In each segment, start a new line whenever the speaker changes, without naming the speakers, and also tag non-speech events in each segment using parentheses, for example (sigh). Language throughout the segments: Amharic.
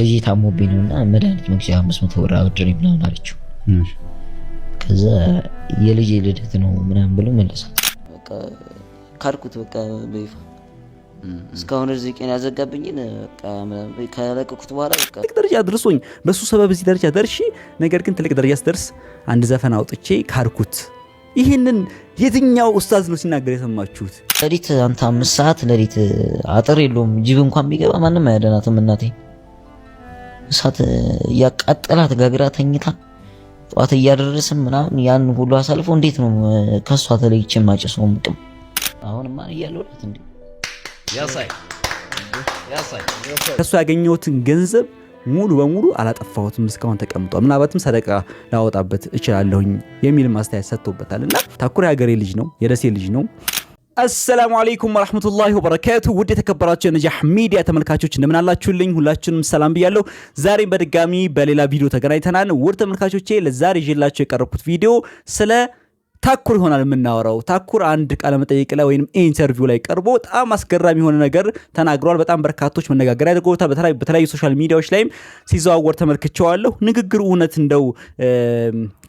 ልጅ ታሞብኝ ነው እና መድኃኒት መግዣ አምስት መቶ ብር አበድሬ ምናምን አለችው። ከዛ የልጅ ልደት ነው ምናምን ብሎ መለሳት።
ካድኩት በቃ በይፋ እስካሁን እዚህ ቀን ያዘጋብኝን ከለቀኩት በኋላ
ትልቅ ደረጃ ደርሶኝ በሱ ሰበብ እዚህ ደረጃ ደርሼ፣ ነገር ግን ትልቅ ደረጃ ስደርስ አንድ ዘፈን አውጥቼ ካድኩት። ይህንን የትኛው ኡስታዝ ነው ሲናገር የሰማችሁት?
ሌሊት አንተ አምስት ሰዓት ሌሊት አጥር የለውም ጅብ እንኳን ቢገባ ማንም አያደናትም እናቴ እሳት እያቃጠላት ጋግራ ተኝታ ጠዋት እያደረስን ምናምን ያን ሁሉ አሳልፎ እንዴት ነው ከሷ ተለይቼ የማጨሰው? ምቅም አሁን እያለሁላት እንዴ
ያሳይ
ያሳይ ያገኘሁትን ገንዘብ ሙሉ በሙሉ አላጠፋሁትም። እስካሁን ተቀምጧል። ምናልባትም ሰደቃ ላወጣበት እችላለሁኝ የሚል ማስተያየት ሰጥቶበታል። እና ታኩር የሀገሬ ልጅ ነው፣ የደሴ ልጅ ነው። አሰላሙ አለይኩም ወራህመቱላሂ ወበረካቱ። ውድ የተከበራቸው የነጃህ ሚዲያ ተመልካቾች እንደምን ሁላችንም ሁላችሁንም ሰላም ብያለሁ። ዛሬም በድጋሚ በሌላ ቪዲዮ ተገናኝተናል። ውድ ተመልካቾቼ ለዛሬ ይዤላችሁ የቀረብኩት ቪዲዮ ስለ ታኩር ይሆናል የምናወራው። ታኩር አንድ ቃለመጠይቅ ላይ ወይም ኢንተርቪው ላይ ቀርቦ በጣም አስገራሚ የሆነ ነገር ተናግሯል። በጣም በርካቶች መነጋገር አድርጎታል። በተለያዩ ሶሻል ሚዲያዎች ላይም ሲዘዋወር ተመልክቸዋለሁ። ንግግሩ እውነት እንደው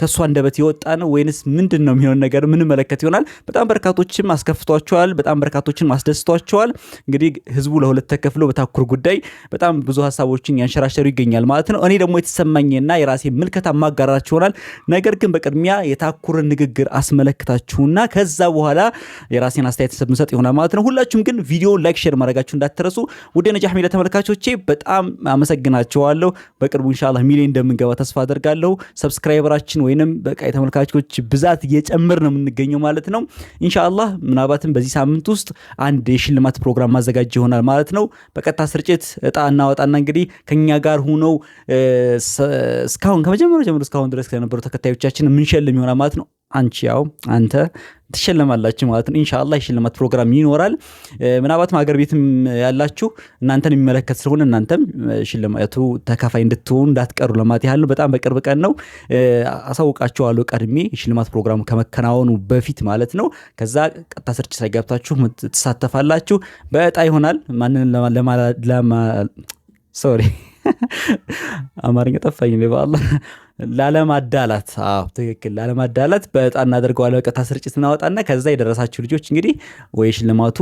ከእሱ አንደበት የወጣ ነው ወይንስ ምንድን ነው የሚሆን ነገር ምንመለከት ይሆናል። በጣም በርካቶችም አስከፍቷቸዋል። በጣም በርካቶችም አስደስቷቸዋል። እንግዲህ ህዝቡ ለሁለት ተከፍሎ በታኩር ጉዳይ በጣም ብዙ ሀሳቦችን ያንሸራሸሩ ይገኛል ማለት ነው። እኔ ደግሞ የተሰማኝና የራሴ ምልከታ ማጋራች ይሆናል። ነገር ግን በቅድሚያ የታኩርን ንግግር አስመለክታችሁና ከዛ በኋላ የራሴን አስተያየት ስምሰጥ ይሆናል ማለት ነው። ሁላችሁም ግን ቪዲዮን ላይክ፣ ሼር ማድረጋችሁ እንዳትረሱ። ውድ ነጃህ ሚዲያ ተመልካቾቼ በጣም አመሰግናችኋለሁ። በቅርቡ እንሻላ ሚሊዮን እንደምንገባ ተስፋ አደርጋለሁ። ሰብስክራይበራችን ወይንም በቃ የተመልካቾች ብዛት እየጨምር ነው የምንገኘው ማለት ነው። እንሻላ ምናልባትም በዚህ ሳምንት ውስጥ አንድ የሽልማት ፕሮግራም ማዘጋጅ ይሆናል ማለት ነው። በቀጥታ ስርጭት እጣ እናወጣና እንግዲህ ከኛ ጋር ሁነው እስካሁን ከመጀመሪያ ጀምሮ እስካሁን ድረስ ከነበሩ ተከታዮቻችን ምንሸልም ይሆናል ማለት ነው። አንቺ ያው አንተ ትሸለማላችሁ ማለት ነው። ኢንሻላ የሽልማት ፕሮግራም ይኖራል። ምናልባትም ሀገር ቤትም ያላችሁ እናንተን የሚመለከት ስለሆነ እናንተም ሽልማቱ ተካፋይ እንድትሆኑ እንዳትቀሩ ለማለት ያህል ነው። በጣም በቅርብ ቀን ነው አሳውቃችኋለሁ፣ ቀድሜ የሽልማት ፕሮግራሙ ከመከናወኑ በፊት ማለት ነው። ከዛ ቀጥታ ስርጭት ላይ ገብታችሁ ትሳተፋላችሁ። በእጣ ይሆናል ማንን ሶሪ አማርኛ ጠፋኝ። በአላህ ላለማዳላት፣ ትክክል ላለማዳላት በዕጣ እናደርገዋለን። በቀጥታ ስርጭት እናወጣና ከዛ የደረሳችሁ ልጆች እንግዲህ ወይ ሽልማቱ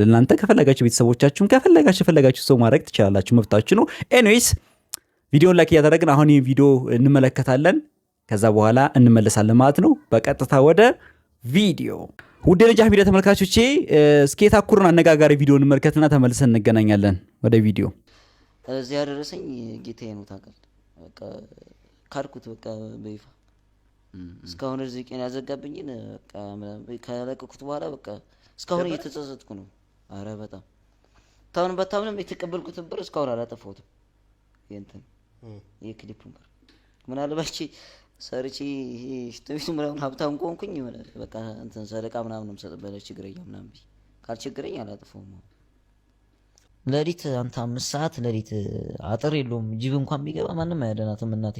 ለእናንተ ከፈለጋችሁ ቤተሰቦቻችሁም ከፈለጋችሁ የፈለጋችሁ ሰው ማድረግ ትችላላችሁ፣ መብታችሁ ነው። ኤኒዌይስ ቪዲዮን ላይክ እያደረግን አሁን ይህ ቪዲዮ እንመለከታለን። ከዛ በኋላ እንመለሳለን ማለት ነው። በቀጥታ ወደ ቪዲዮ ውድ የነጃህ ቪዲዮ ተመልካቾቼ፣ እስኪ የታኩርን አነጋጋሪ ቪዲዮ እንመልከትና ተመልሰን እንገናኛለን። ወደ ቪዲዮ
እዚህ ያደረሰኝ ጌታዬ ነው ታውቃለህ። በቃ ካድኩት፣ በቃ በይፋ እስካሁን እዚህ ቀን ያዘጋብኝን ከለቀኩት በኋላ በቃ እስካሁን እየተጸጸትኩ ነው። አረ በጣም ታሁን በታምንም የተቀበልኩትን ብር እስካሁን አላጠፋሁትም። የእንትን የክሊፑን ብር ምናልባች ሰርቺ ይሄ ምናምን ሀብታም ከሆንኩኝ በቃ እንትን ሰደቃ ምናምን ምሰጥበለ ችግረኛ ምናምን ካልችግረኝ አላጠፋውም።
ለሊት አንተ አምስት ሰዓት ለሊት አጥር የለውም። ጅብ እንኳን ቢገባ ማንም አያደናትም። እናቴ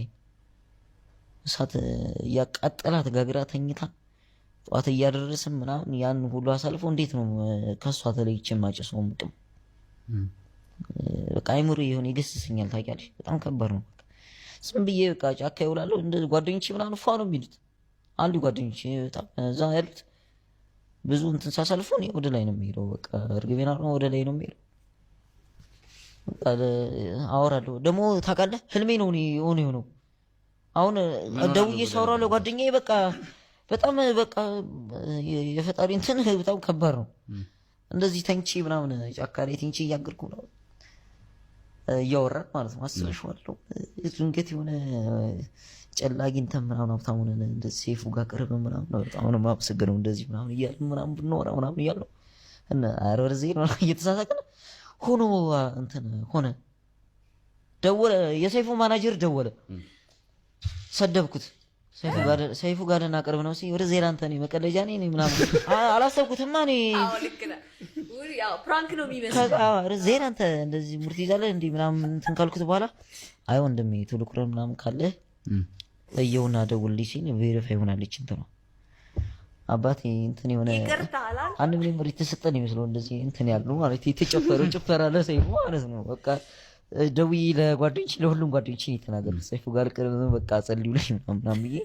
እሳት እያቃጠላት ጋግራ ተኝታ ጠዋት እያደረስም ምናምን ያን ሁሉ አሳልፎ እንዴት ነው ከሷ ተለይቼ የማጨሰው? ምቅም በቃ አይምሮ የሆነ ይገስሰኛል። ታውቂያለሽ፣ በጣም ከባድ ነው። ዝም ብዬ በቃ ጫካ ይውላለሁ። እንደ ጓደኞቼ ምናምን ፏ ነው የሚሉት አንዱ ጓደኞቼ በጣም እዛ ያሉት ብዙ እንትን ሳሳልፎ ወደ ላይ ነው የሚሄደው። በቃ እርግቤና ወደ ላይ ነው የሚሄደው አወራለሁ። ደግሞ ታውቃለህ ህልሜ ነው ሆነ የሆነው። አሁን ደውዬ ሳወራለሁ ጓደኛዬ በቃ በጣም በቃ የፈጣሪ እንትን (laughs) በጣም ከባድ ነው። እንደዚህ ተንቺ ምናምን ጫካ ላይ ተንቺ እያገርኩ ነው እያወራን ማለት ነው። አስበሽዋለሁ ድንገት የሆነ ጨላጊ አግኝተን ምናምን ሀብታሙን እንደዚህ ሴፉ ጋር ቅርብ ምናምን በጣም ነው የማመሰግነው እንደዚህ ምናምን እያልን ምናምን ብንወራ ምናምን እያልን ነው እየተሳሳቅን ሆኖ እንትን ሆነ። ደወለ፣ የሰይፉ ማናጀር ደወለ። ሰደብኩት። ሰይፉ ጋደና ቅርብ ነው ወደ ዜላንተ (laughs) ነው መቀለጃ ኔ ምናምን አላሰብኩትማ። ኔ ፕራንክ እንደዚህ ሙርት ይዛለህ እንዲህ ምናምን እንትን ካልኩት በኋላ አይ ወንድሜ ቴሌግራም ምናምን ካለ እየውና ደውልልኝ ሲል ቬሪፋይ ይሆናለች እንትኗ አባቴ እንትን የሆነ አንድ ሚሊዮን ብር የተሰጠን ይመስለው እንደዚህ እንትን ያሉ ማለት የተጨፈረው ጭፈራ ለሰይፉ ማለት ነው። በቃ ደውዬ ለጓደኞች ለሁሉም ጓደኞች የተናገሩት ሰይፉ ጋር ቅርብ በቃ ጸልዩ ላይ ምናምን ብዬ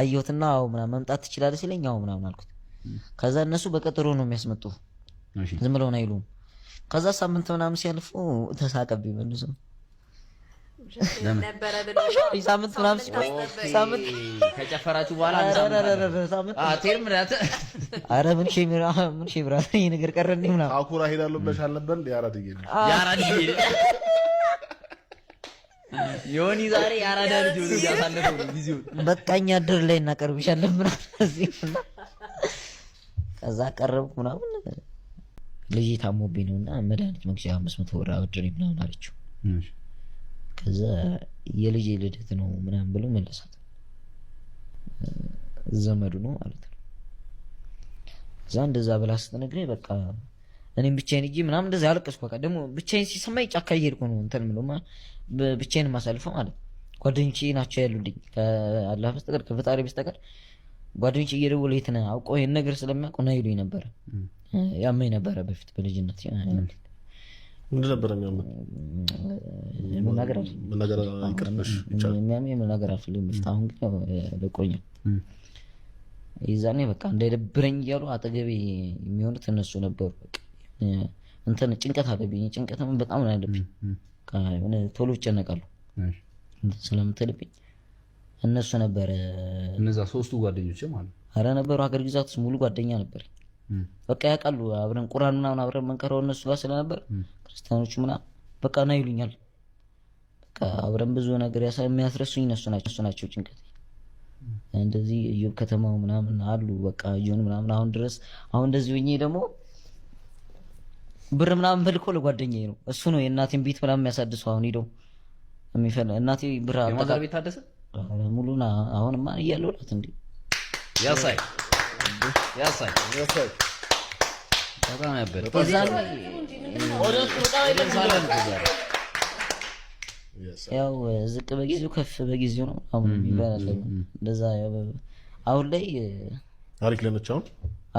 አየሁትና አዎ ምናምን መምጣት ትችላለህ ሲለኝ አዎ ምናምን አልኩት። ከዛ እነሱ በቀጠሮ ነው የሚያስመጡ ዝም ብለውን አይሉም። ከዛ ሳምንት ምናምን ሲያልፉ ተሳቀብኝ መልሶ
ከጨፈራችሁ በኋላ ምን
ነገር ምናምን
አኩራ ሄዳለሁ ብለሽ
ዛሬ ልጅ
ላይ እናቀርብሻለን ምናምን እዚህ ከዛ ምናምን ልጅ ነው እና መድኃኒት መግዣ አምስት መቶ ብር አበድሬ ምናምን አለችው። ከዛ የልጅ ልደት ነው ምናምን ብሎ መለሳት። ዘመዱ ነው ማለት ነው። እዛ እንደዛ ብላ ስትነግረኝ በቃ እኔም ብቻዬን እጂ ምናምን እንደዛ ያለቀስኩ። በቃ ደግሞ ብቻዬን ሲሰማኝ ጫካ እየሄድኩ ነው እንትን ምለ ብቻዬን ማሳልፈው ማለት ጓደኞች ናቸው ያሉልኝ ከአላህ በስተቀር ከፈጣሪ በስተቀር ጓደኞች እየደወሉ የት ነህ አውቀው ይህን ነገር ስለሚያውቁ ና ይሉኝ ነበረ። ያመኝ ነበረ በፊት በልጅነት ምንድን ነበር የሚያምን አልፈልግም። አሁን ግን ለቆኛል። የዛኔ በቃ እንዳይደብረኝ እያሉ አጠገቤ የሚሆኑት እነሱ ነበሩ። እንትን ጭንቀት አለብኝ፣ ጭንቀት በጣም ነው ያለብኝ። ቶሎ ይጨነቃሉ ስለምትልብኝ እነሱ ነበረ
እነዛ ሶስቱ ጓደኞች ማለት
ኧረ ነበሩ። ሀገር ግዛት ሙሉ ጓደኛ ነበር በቃ ያውቃሉ። አብረን ቁራን ምናምን አብረን መንቀረው እነሱ ጋር ስለነበር ክርስቲያኖቹ ምናምን በቃ ና ይሉኛል። በቃ አብረን ብዙ ነገር የሚያስረሱኝ እነሱ ናቸው። ጭንቀት እንደዚህ እዮብ ከተማው ምናምን አሉ በቃ እዮን ምናምን አሁን ድረስ አሁን እንደዚህ ሆኜ ደግሞ ብር ምናምን መልኮ ለጓደኛ ነው እሱ ነው የእናቴን ቤት ምናምን የሚያሳድሰው። አሁን ሄደው የሚፈል እናቴ ብር
አልጠቃ ቤት ታደሰ
ሙሉና አሁንማ እያለውላት እንዲ
ያሳይ በጣም ነበር።
ያው ዝቅ በጊዜው ከፍ በጊዜው ነው አሁን ይባላል። እንደዛ አሁን ላይ አሪፍ ለነች። አሁን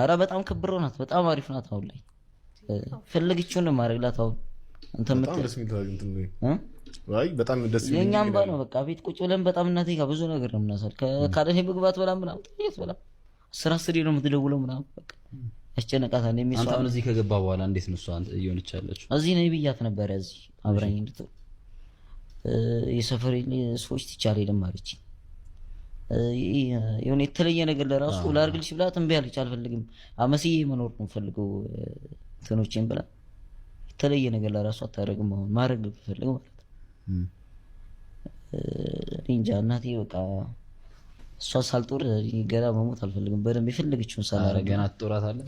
አረ በጣም ክብሮ ናት፣ በጣም አሪፍ ናት። አሁን ላይ ፈለግችውን ማድረግላት አሁን በጣም ደስ የሚል የእኛም ባ ነው። በቃ ቤት ቁጭ ብለን በጣም እናቴ ጋር ብዙ ነገር ነው የምናሳል ከካደኔ ምግባት በላም ምናምን ስራ ስሪ ነው የምትደውለው ምናምን በቃ ያስጨነቃታል።
አንተ አሁን እዚህ ከገባ በኋላ እንዴት ነው እየሆነች ያለችው?
እዚህ ነው ብያት ነበረ። እዚህ አብራኝ እንድትሆን የሰፈሬ ሰዎች ትቻል ሄደም አለች። የሆነ የተለየ ነገር ለራሱ ላድርግልሽ ብላ እምቢ አለች። አልፈልግም አመስዬ መኖር ነው ፈልገው እንትኖችን ብላ የተለየ ነገር ለራሱ አታደርግም። አሁን ማድረግ ብፈልግ ማለት ነው እንጃ እናቴ በቃ እሷ ሳልጦር ገና መሞት አልፈልግም። በደንብ የፈለገችውን
ሳላረግ ገና ትጦራታለህ፣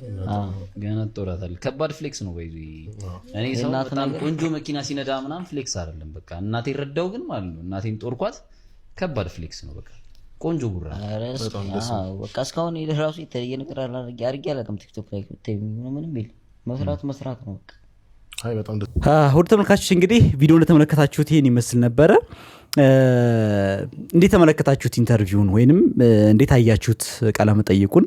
ገና ትጦራታለህ። ከባድ ፍሌክስ ነው። በይ እኔ ሰው በጣም ቆንጆ መኪና ሲነዳ ምናምን ፍሌክስ አይደለም። በቃ እናቴ ረዳው ግን ማለት ነው። እናቴን ጦርኳት። ከባድ ፍሌክስ ነው። በቃ ቆንጆ ጉራ።
በቃ እስካሁን ራሱ የተለየ ነገር አድርጌ አላውቅም። ቲክቶክ ላይ ምንም የለም። መስራት መስራት ነው።
በቃ ውድ ተመልካቾች እንግዲህ ቪዲዮ እንደተመለከታችሁት ይህን ይመስል ነበረ። እንዴት ተመለከታችሁት ኢንተርቪውን ወይንም እንዴት አያችሁት ቃለ መጠይቁን?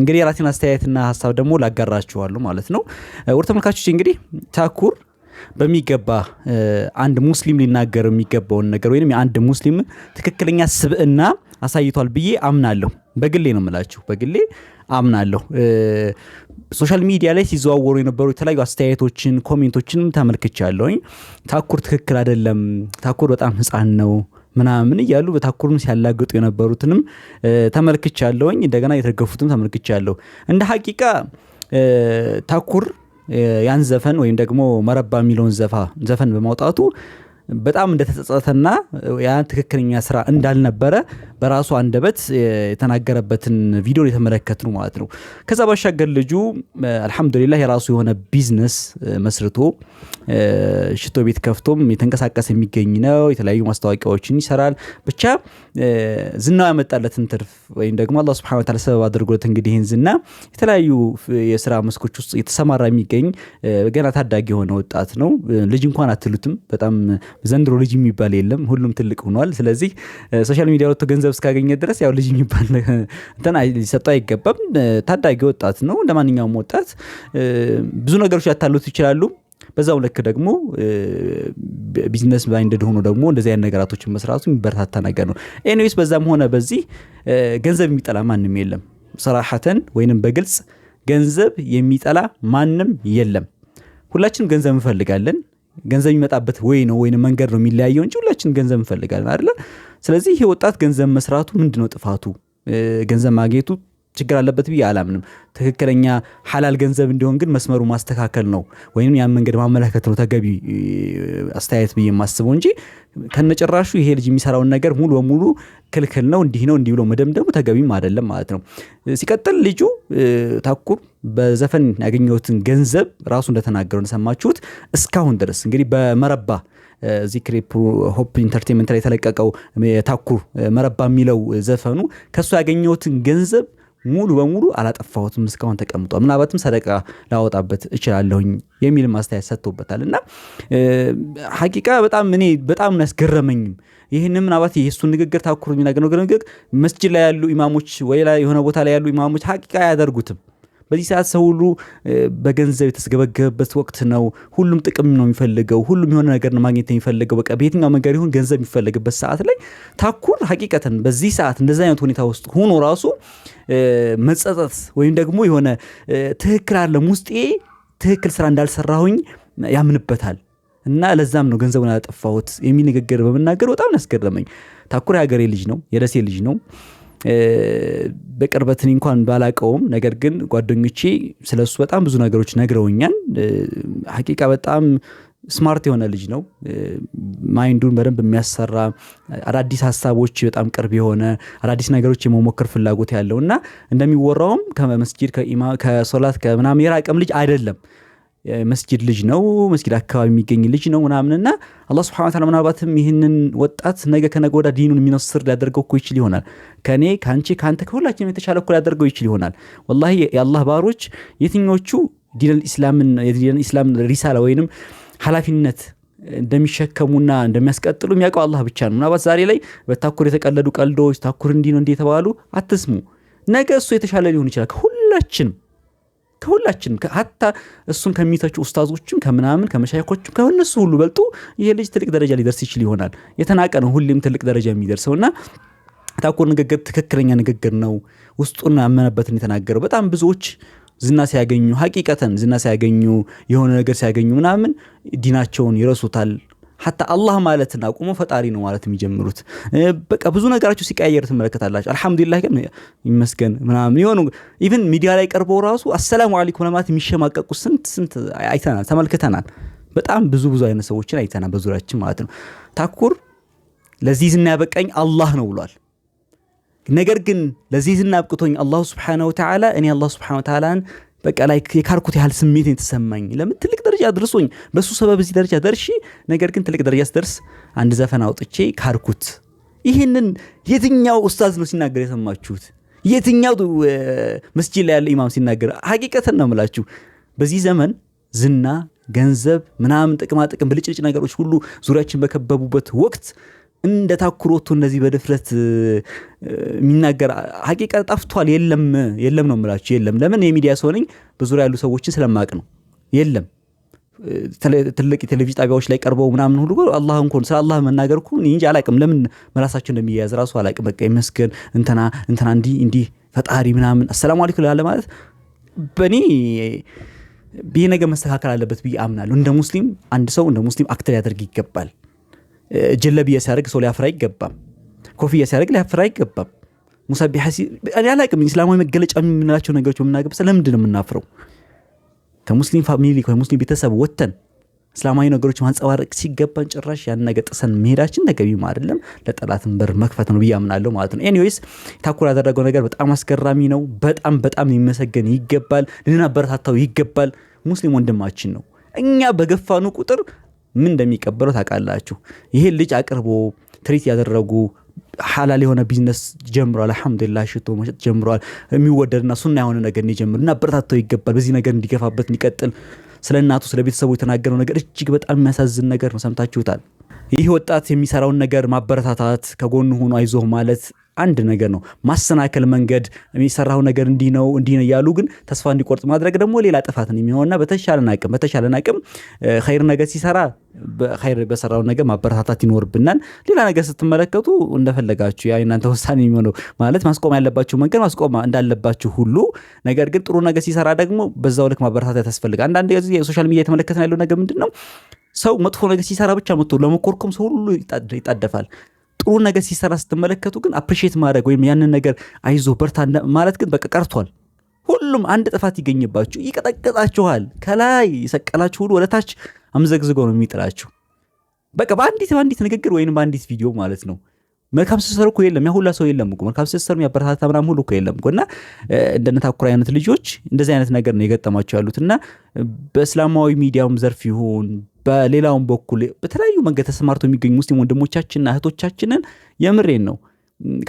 እንግዲህ የራሴን አስተያየትና ሀሳብ ደግሞ ላጋራችኋሉ ማለት ነው። ወደ ተመልካቾች እንግዲህ ታኩር በሚገባ አንድ ሙስሊም ሊናገር የሚገባውን ነገር ወይም የአንድ ሙስሊም ትክክለኛ ስብዕና አሳይቷል ብዬ አምናለሁ። በግሌ ነው የምላችሁ፣ በግሌ አምናለሁ። ሶሻል ሚዲያ ላይ ሲዘዋወሩ የነበሩ የተለያዩ አስተያየቶችን፣ ኮሜንቶችንም ተመልክቻለሁኝ። ታኩር ትክክል አይደለም፣ ታኩር በጣም ህፃን ነው ምናምን እያሉ በታኩርም ሲያላግጡ የነበሩትንም ተመልክቻለሁኝ። እንደገና የተደገፉትም ተመልክቻለሁ። እንደ ሀቂቃ ታኩር ያን ዘፈን ወይም ደግሞ መረባ የሚለውን ዘፈን በማውጣቱ በጣም እንደተጸጸተና ያ ትክክለኛ ስራ እንዳልነበረ በራሱ አንደበት የተናገረበትን ቪዲዮ የተመለከት ነው ማለት ነው። ከዛ ባሻገር ልጁ አልሐምዱሊላ የራሱ የሆነ ቢዝነስ መስርቶ ሽቶ ቤት ከፍቶም የተንቀሳቀሰ የሚገኝ ነው። የተለያዩ ማስታወቂያዎችን ይሰራል። ብቻ ዝናው ያመጣለትን ትርፍ ወይም ደግሞ አላ ስብን ታላ ሰበብ አድርጎት እንግዲህ ይህን ዝና የተለያዩ የስራ መስኮች ውስጥ የተሰማራ የሚገኝ ገና ታዳጊ የሆነ ወጣት ነው። ልጅ እንኳን አትሉትም። በጣም ዘንድሮ ልጅ የሚባል የለም። ሁሉም ትልቅ ሆኗል። ስለዚህ ሶሻል ሚዲያ ወጥቶ ገንዘብ እስካገኘ ድረስ ያው ልጅ የሚባል (laughs) እንትን ሊሰጠው አይገባም። ታዳጊ ወጣት ነው። ለማንኛውም ወጣት ብዙ ነገሮች ያታሉት ይችላሉ። በዛው ልክ ደግሞ ቢዝነስ ማይንድድ ሆኖ ደግሞ እንደዚህ አይነት ነገራቶችን መስራቱ የሚበረታታ ነገር ነው። ኤኒዌይስ በዛም ሆነ በዚህ ገንዘብ የሚጠላ ማንም የለም። ሰራሐተን ወይንም በግልጽ ገንዘብ የሚጠላ ማንም የለም። ሁላችንም ገንዘብ እንፈልጋለን። ገንዘብ የሚመጣበት ወይ ነው ወይንም መንገድ ነው የሚለያየው እንጂ ሁላችንም ገንዘብ እንፈልጋለን አይደለም። ስለዚህ ይህ ወጣት ገንዘብ መስራቱ ምንድነው ጥፋቱ? ገንዘብ ማግኘቱ ችግር አለበት ብዬ አላምንም። ትክክለኛ ሐላል ገንዘብ እንዲሆን ግን መስመሩ ማስተካከል ነው፣ ወይም ያን መንገድ ማመላከት ነው ተገቢ አስተያየት ብዬ የማስበው እንጂ ከነጭራሹ ይሄ ልጅ የሚሰራውን ነገር ሙሉ በሙሉ ክልክል ነው እንዲህ ነው እንዲህ ብሎ መደምደሙ ተገቢም አይደለም ማለት ነው። ሲቀጥል ልጁ ታኩር በዘፈን ያገኘትን ገንዘብ ራሱ እንደተናገረው እንደሰማችሁት እስካሁን ድረስ እንግዲህ በመረባ እዚህ ክሬፕ ሆፕ ኢንተርቴንመንት ላይ የተለቀቀው የታኩር መረባ የሚለው ዘፈኑ ከእሱ ያገኘሁትን ገንዘብ ሙሉ በሙሉ አላጠፋሁትም፣ እስካሁን ተቀምጧል፣ ምናልባትም ሰደቃ ላወጣበት እችላለሁኝ የሚል ማስተያየት ሰጥቶበታል። እና ሀቂቃ በጣም እኔ በጣም ያስገረመኝም ይህን ምናልባት የሱን ንግግር ታኩር የሚናገር ንግግር መስጅድ ላይ ያሉ ኢማሞች ወይ የሆነ ቦታ ላይ ያሉ ኢማሞች ሀቂቃ አያደርጉትም። በዚህ ሰዓት ሰው ሁሉ በገንዘብ የተስገበገበበት ወቅት ነው። ሁሉም ጥቅም ነው የሚፈልገው። ሁሉም የሆነ ነገር ነው ማግኘት የሚፈልገው። በቃ በየትኛው መንገድ ይሁን ገንዘብ የሚፈልግበት ሰዓት ላይ ታኩር ሀቂቀትን በዚህ ሰዓት እንደዚህ አይነት ሁኔታ ውስጥ ሆኖ ራሱ መጸጸት ወይም ደግሞ የሆነ ትክክል አለም ውስጤ ትክክል ስራ እንዳልሰራሁኝ ያምንበታል እና ለዛም ነው ገንዘቡን ያጠፋሁት የሚል ንግግር በመናገር በጣም ያስገረመኝ። ታኩር የሀገሬ ልጅ ነው፣ የደሴ ልጅ ነው። በቅርበት እኔ እንኳን ባላቀውም፣ ነገር ግን ጓደኞቼ ስለሱ በጣም ብዙ ነገሮች ነግረውኛል። ሀቂቃ በጣም ስማርት የሆነ ልጅ ነው። ማይንዱን በደንብ የሚያሰራ አዳዲስ ሀሳቦች በጣም ቅርብ የሆነ አዳዲስ ነገሮች የመሞከር ፍላጎት ያለው እና እንደሚወራውም ከመስጊድ ከሶላት ከምናምን የራቀም ልጅ አይደለም። መስጊድ ልጅ ነው መስጊድ አካባቢ የሚገኝ ልጅ ነው ምናምንና እና አላህ ስብሐ ወተዓላ ምናልባትም ይህንን ወጣት ነገ ከነገ ዲኑን የሚነስር ሊያደርገው እኮ ይችል ይሆናል። ከኔ ከአንቺ ከአንተ ከሁላችንም የተሻለ እኮ ሊያደርገው ይችል ይሆናል። ወላሂ የአላህ ባሮች የትኞቹ ዲነል ኢስላም ሪሳላ ወይንም ኃላፊነት እንደሚሸከሙና እንደሚያስቀጥሉ የሚያውቀው አላህ ብቻ ነው። ምናልባት ዛሬ ላይ በታኩር የተቀለዱ ቀልዶች ታኩር እንዲህ ነው እንዲህ የተባሉ አትስሙ። ነገ እሱ የተሻለ ሊሆን ይችላል ከሁላችንም ከሁላችን ሀታ እሱን ከሚተቹ ኡስታዞችም ከምናምን ከመሻይኮችም ከእነሱ ሁሉ በልጡ ይሄ ልጅ ትልቅ ደረጃ ሊደርስ ይችል ይሆናል። የተናቀ ነው ሁሌም ትልቅ ደረጃ የሚደርሰው እና ታኩር ንግግር ትክክለኛ ንግግር ነው። ውስጡን አመነበትን የተናገረው በጣም ብዙዎች ዝና ሲያገኙ ሀቂቀተን ዝና ሲያገኙ የሆነ ነገር ሲያገኙ ምናምን ዲናቸውን ይረሱታል። ሀታ አላህ ማለትን አቁሞ ፈጣሪ ነው ማለት የሚጀምሩት። በቃ ብዙ ነገራቸው ሲቀያየር ትመለከታላችሁ። አልሐምዱላ ግን ይመስገን ምናምን የሆኑ ኢቨን ሚዲያ ላይ ቀርበው ራሱ አሰላሙ አሊኩም ለማለት የሚሸማቀቁ ስንት ስንት አይተናል፣ ተመልክተናል። በጣም ብዙ ብዙ አይነት ሰዎችን አይተናል በዙሪያችን ማለት ነው። ታኩር ለዚህ ዝና ያበቃኝ አላህ ነው ብሏል። ነገር ግን ለዚህ ዝና አብቅቶኝ አላሁ ስብሓነሁ ወተላ እኔ አላህ ስብሓነሁ ወተዓላን በቃ ላይ የካርኩት ያህል ስሜት የተሰማኝ ለምን ትልቅ ደረጃ ድርሶኝ በሱ ሰበብ እዚህ ደረጃ ደርሺ። ነገር ግን ትልቅ ደረጃ ስደርስ አንድ ዘፈን አውጥቼ ካርኩት። ይህንን የትኛው ኡስታዝ ነው ሲናገር የሰማችሁት? የትኛው መስጂድ ላይ ያለ ኢማም ሲናገር? ሀቂቀትን ነው የምላችሁ። በዚህ ዘመን ዝና፣ ገንዘብ፣ ምናምን ጥቅማጥቅም ብልጭልጭ ነገሮች ሁሉ ዙሪያችን በከበቡበት ወቅት እንደ ታኩሮቱ እንደዚህ በድፍረት የሚናገር ሀቂቃ ጠፍቷል። የለም የለም ነው የምላችሁ። የለም ለምን የሚዲያ ሰው ነኝ፣ በዙሪያ ያሉ ሰዎችን ስለማቅ ነው። የለም ትልቅ የቴሌቪዥን ጣቢያዎች ላይ ቀርበው ምናምን ሁሉ አላህ እንኳን ስለ አላህ መናገር እኮ እንጂ አላቅም። ለምን መራሳቸው እንደሚያያዝ ራሱ አላቅም። በቃ ይመስገን እንትና እንትና እንዲህ እንዲህ ፈጣሪ ምናምን አሰላሙ አለይኩም ላለ ማለት በእኔ ብዬ ነገር መስተካከል አለበት ብዬ አምናለሁ። እንደ ሙስሊም አንድ ሰው እንደ ሙስሊም አክተር ያደርግ ይገባል። ጀለብ ሲያደርግ ሰው ሊያፍራ አይገባም። ኮፊ ሲያደርግ ሊያፍራ አይገባም። ሙሳቢሐ እኔ አላቅም። እስላማዊ መገለጫ የምንላቸው ነገሮች በምናገብ ስለምንድ ነው የምናፍረው? ከሙስሊም ፋሚሊ ከሙስሊም ቤተሰብ ወተን እስላማዊ ነገሮች ማንጸባረቅ ሲገባን ጭራሽ ያን ነገር ጥሰን መሄዳችን ተገቢም አይደለም። ለጠላትን በር መክፈት ነው ብያምናለሁ ማለት ነው። ኒስ ታኩር ያደረገው ነገር በጣም አስገራሚ ነው። በጣም በጣም ሊመሰገን ይገባል፣ ልናበረታታው ይገባል። ሙስሊም ወንድማችን ነው። እኛ በገፋኑ ቁጥር ምን እንደሚቀበለው ታውቃላችሁ። ይሄን ልጅ አቅርቦ ትሪት ያደረጉ ሀላል የሆነ ቢዝነስ ጀምረዋል። አልሐምዱላ ሽቶ መሸጥ ጀምረዋል። የሚወደድና ሱና የሆነ ነገር እንዲጀምር እና በረታተው ይገባል። በዚህ ነገር እንዲገፋበት እንዲቀጥል። ስለ እናቱ ስለ ቤተሰቡ የተናገረው ነገር እጅግ በጣም የሚያሳዝን ነገር ነው። ሰምታችሁታል። ይህ ወጣት የሚሰራውን ነገር ማበረታታት፣ ከጎኑ ሆኖ አይዞህ ማለት አንድ ነገር ነው። ማሰናከል መንገድ የሚሰራው ነገር እንዲህ ነው እንዲህ ነው እያሉ ግን ተስፋ እንዲቆርጥ ማድረግ ደግሞ ሌላ ጥፋት ነው የሚሆንና በተሻለን አቅም በተሻለን አቅም ኸይር ነገር ሲሰራ በኸይር በሰራው ነገር ማበረታታት ይኖርብናል። ሌላ ነገር ስትመለከቱ እንደፈለጋችሁ ያ እናንተ ውሳኔ የሚሆነው ማለት ማስቆም ያለባችሁ መንገድ ማስቆም እንዳለባችሁ ሁሉ ነገር ግን ጥሩ ነገር ሲሰራ ደግሞ በዛው ልክ ማበረታታት ያስፈልጋል። አንዳንድ ጊዜ ሶሻል ሚዲያ የተመለከትን ያለው ነገር ምንድን ነው? ሰው መጥፎ ነገር ሲሰራ ብቻ መጥቶ ለመኮርኮም ሰው ሁሉ ይጣደፋል። ጥሩ ነገር ሲሰራ ስትመለከቱ ግን አፕሪሼት ማድረግ ወይም ያንን ነገር አይዞ በርታ ማለት ግን በቃ ቀርቷል። ሁሉም አንድ ጥፋት ይገኝባችሁ፣ ይቀጠቅጣችኋል። ከላይ የሰቀላችሁ ሁሉ ወደታች አምዘግዝጎ ነው የሚጥላችሁ። በቃ በአንዲት በአንዲት ንግግር ወይም በአንዲት ቪዲዮ ማለት ነው። መልካም ስትሰሩ እኮ የለም ያ ሁላ ሰው የለም እኮ መልካም ስትሰሩ የሚያበረታታ ምናምን ሁሉ እኮ የለም እኮ እና እንደነታኩር አይነት ልጆች እንደዚህ አይነት ነገር ነው የገጠማቸው ያሉት እና በእስላማዊ ሚዲያውም ዘርፍ ይሁን በሌላውም በኩል በተለያዩ መንገድ ተሰማርተው የሚገኙ ሙስሊም ወንድሞቻችንና እህቶቻችንን የምሬን ነው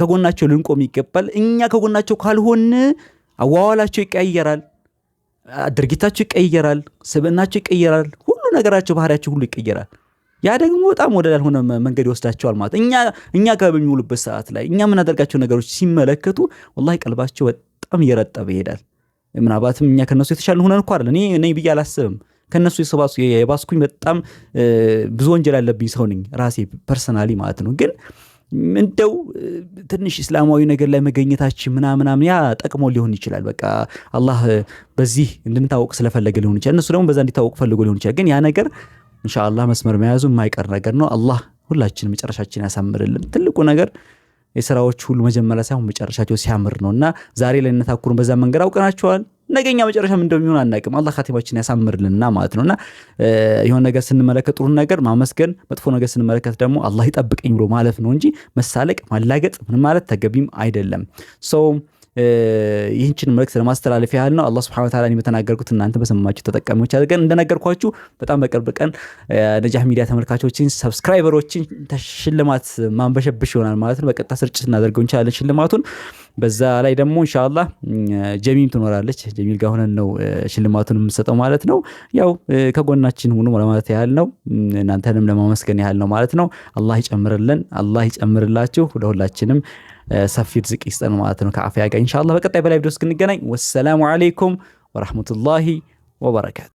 ከጎናቸው ልንቆም ይገባል። እኛ ከጎናቸው ካልሆን አዋዋላቸው ይቀያየራል፣ ድርጊታቸው ይቀየራል፣ ስብዕናቸው ይቀየራል፣ ሁሉ ነገራቸው፣ ባህሪያቸው ሁሉ ይቀየራል። ያ ደግሞ በጣም ወደ ላልሆነ መንገድ ይወስዳቸዋል ማለት እኛ እኛ ጋር በሚውሉበት ሰዓት ላይ እኛ የምናደርጋቸው ነገሮች ሲመለከቱ ወላሂ ቀልባቸው በጣም እየረጠበ ይሄዳል። ምናልባትም እኛ ከነሱ የተሻለ ሆነን እኮ አይደል እኔ እኔ ብዬ አላስብም። ከነሱ የባስኩኝ በጣም ብዙ ወንጀል ያለብኝ ሰው ነኝ ራሴ ፐርሰናሊ ማለት ነው። ግን እንደው ትንሽ እስላማዊ ነገር ላይ መገኘታችን ምናምናምን ያ ጠቅሞ ሊሆን ይችላል። በቃ አላህ በዚህ እንድንታወቅ ስለፈለገ ሊሆን ይችላል። እነሱ ደግሞ በዛ እንዲታወቅ ፈልጎ ሊሆን ይችላል። ግን ያ ነገር እንሻአላህ መስመር መያዙ የማይቀር ነገር ነው። አላህ ሁላችን መጨረሻችን ያሳምርልን። ትልቁ ነገር የስራዎች ሁሉ መጀመሪያ ሳይሆን መጨረሻቸው ሲያምር ነው እና ዛሬ ላይ እነታኩሩን በዛ መንገድ አውቀናቸዋል። ነገኛ መጨረሻም እንደሚሆን አናውቅም። አላህ ካቴማችን ያሳምርልንና ማለት እና የሆነ ነገር ስንመለከት ጥሩን ነገር ማመስገን፣ መጥፎ ነገር ስንመለከት ደግሞ አላህ ይጠብቀኝ ብሎ ማለፍ ነው እንጂ መሳለቅ፣ ማላገጥ ምን ማለት ተገቢም አይደለም። ይህንችን መልክት ለማስተላለፍ ያህል ነው። አላህ ስብሐነሁ ወተዓላ የተናገርኩት እናንተ በሰማችሁ ተጠቃሚዎች አድርገን እንደነገርኳችሁ በጣም በቅርብ ቀን ነጃህ ሚዲያ ተመልካቾችን፣ ሰብስክራይበሮችን ሽልማት ማንበሸብሽ ይሆናል ማለት ነው። በቀጥታ ስርጭት እናደርገው እንችላለን ሽልማቱን። በዛ ላይ ደግሞ እንሻላ ጀሚም ትኖራለች። ጀሚል ጋር ሆነን ነው ሽልማቱን የምንሰጠው ማለት ነው። ያው ከጎናችን ሁኑ ለማለት ያህል ነው። እናንተንም ለማመስገን ያህል ነው ማለት ነው። አላህ ይጨምርልን፣ አላህ ይጨምርላችሁ ለሁላችንም ሰፊ ርዝቅ ይስጠን ማለት ነው። ከአፍያ ጋር ኢንሻአላህ በቀጣይ በላይ ቪዲዮ እስክንገናኝ ወሰላሙ አለይኩም ወራህመቱላሂ ወበረካቱ።